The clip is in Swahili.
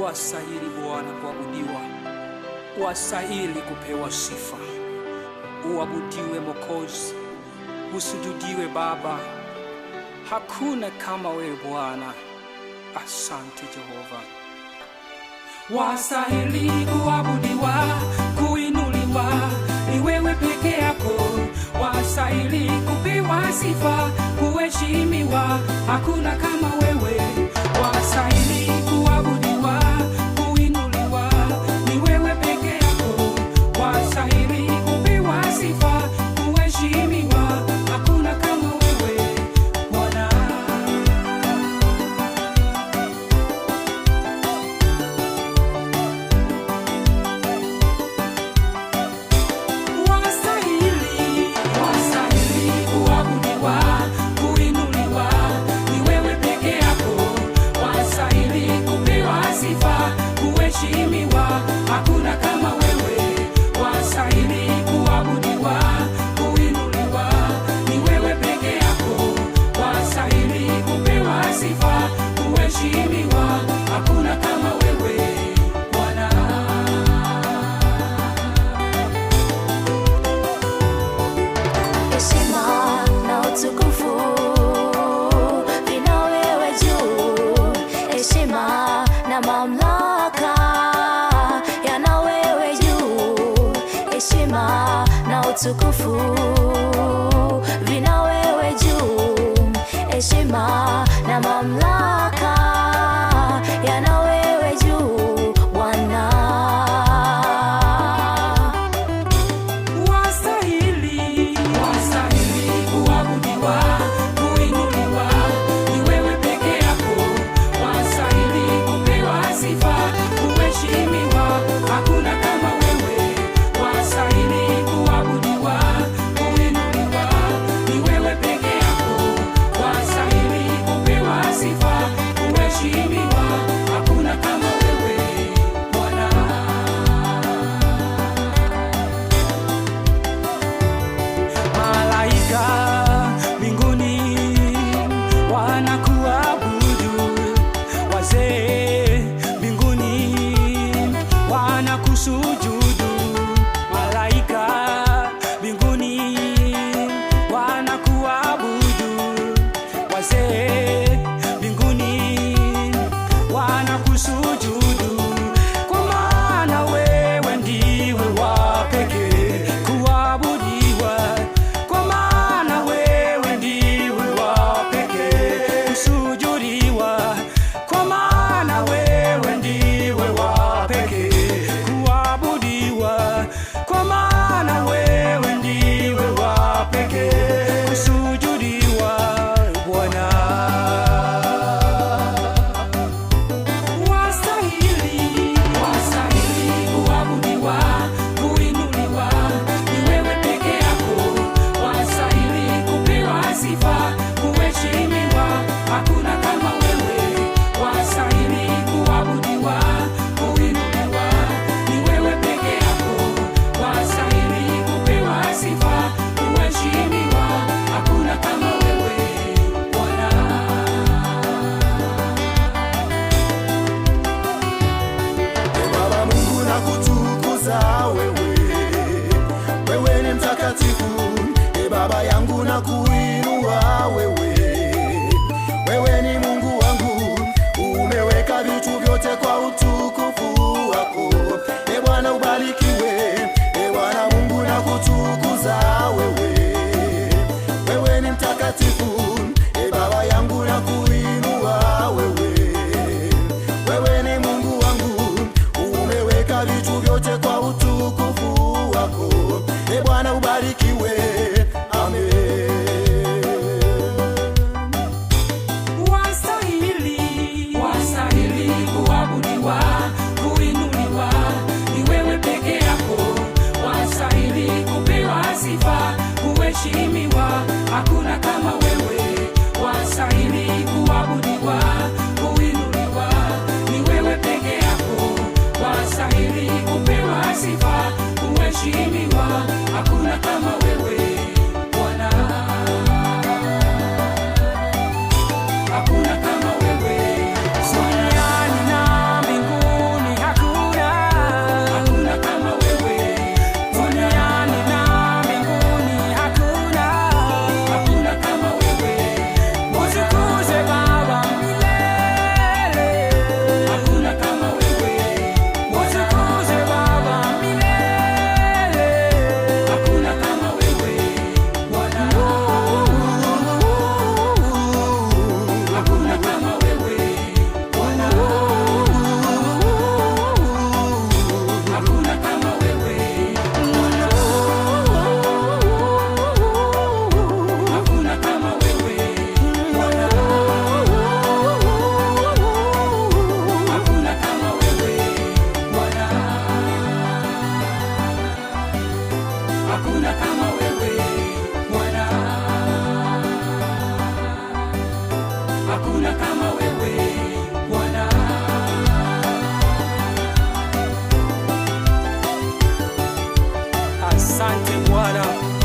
Wastahili Bwana kuabudiwa, wastahili kupewa sifa. Uabudiwe mokozi usujudiwe Baba, hakuna kama wewe Bwana. Asante Jehova, wastahili kuabudiwa, kuinuliwa, iwewe peke yako. Wastahili kupewa sifa, kuheshimiwa, hakuna kama wewe wasahili. utukufu vina wewe juu, heshima na mamlaka I'm Ana 几乎。water.